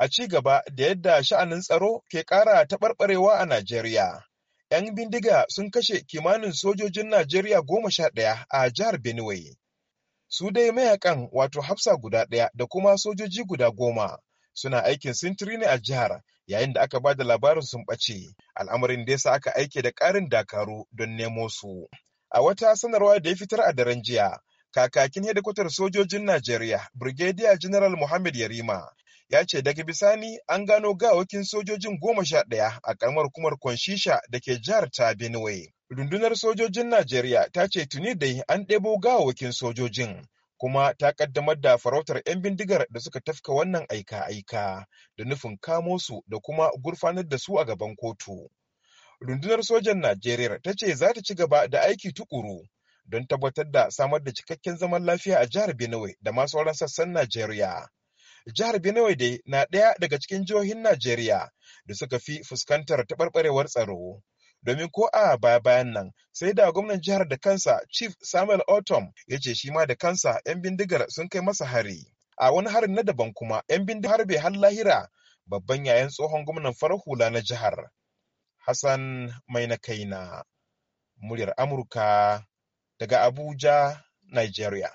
a ci gaba da yadda sha'anin tsaro ke ƙara taɓarɓarewa a Najeriya. 'Yan bindiga sun kashe kimanin sojojin Najeriya goma sha ɗaya a jihar Benue. Su dai mayakan wato hafsa guda ɗaya da kuma sojoji guda goma suna aikin sintiri ne a jihar yayin da aka ba da labarin sun ɓace al'amarin da yasa aka aike da ƙarin dakaru don nemo su. A wata sanarwa da ya fitar a daren jiya, kakakin hedikwatar sojojin Najeriya, Brigadier General Muhammad Yarima, ya ce daga bisani an gano gawakin sojojin goma sha ɗaya a ƙaramar kumar Kwanshisha da ke jihar ta Benue. Rundunar sojojin Najeriya ta ce tuni dai an ɗebo gawakin sojojin. kuma ta ƙaddamar da farautar 'yan bindigar da suka tafka wannan aika-aika da nufin kamo su da kuma gurfanar da su a gaban kotu. Rundunar sojan Najeriya ta ce za ta ci gaba da aiki tukuru don tabbatar da samar da cikakken zaman lafiya a jihar Benue da ma sauran sassan Najeriya. Jihar Benue dai na ɗaya daga cikin jihohin Najeriya da suka fi fuskantar taɓarɓarewar tsaro. Domin ko a baya bayan nan sai da gwamnan jihar da kansa Chief Samuel Otom ya ce shi ma da kansa 'yan bindigar sun kai masa hari. A wani harin na daban kuma 'yan bindigar harbe har lahira babban yayan tsohon gwamnan farar hula na jihar. Hassan mai na kaina, muryar Amurka daga Abuja, Nigeria.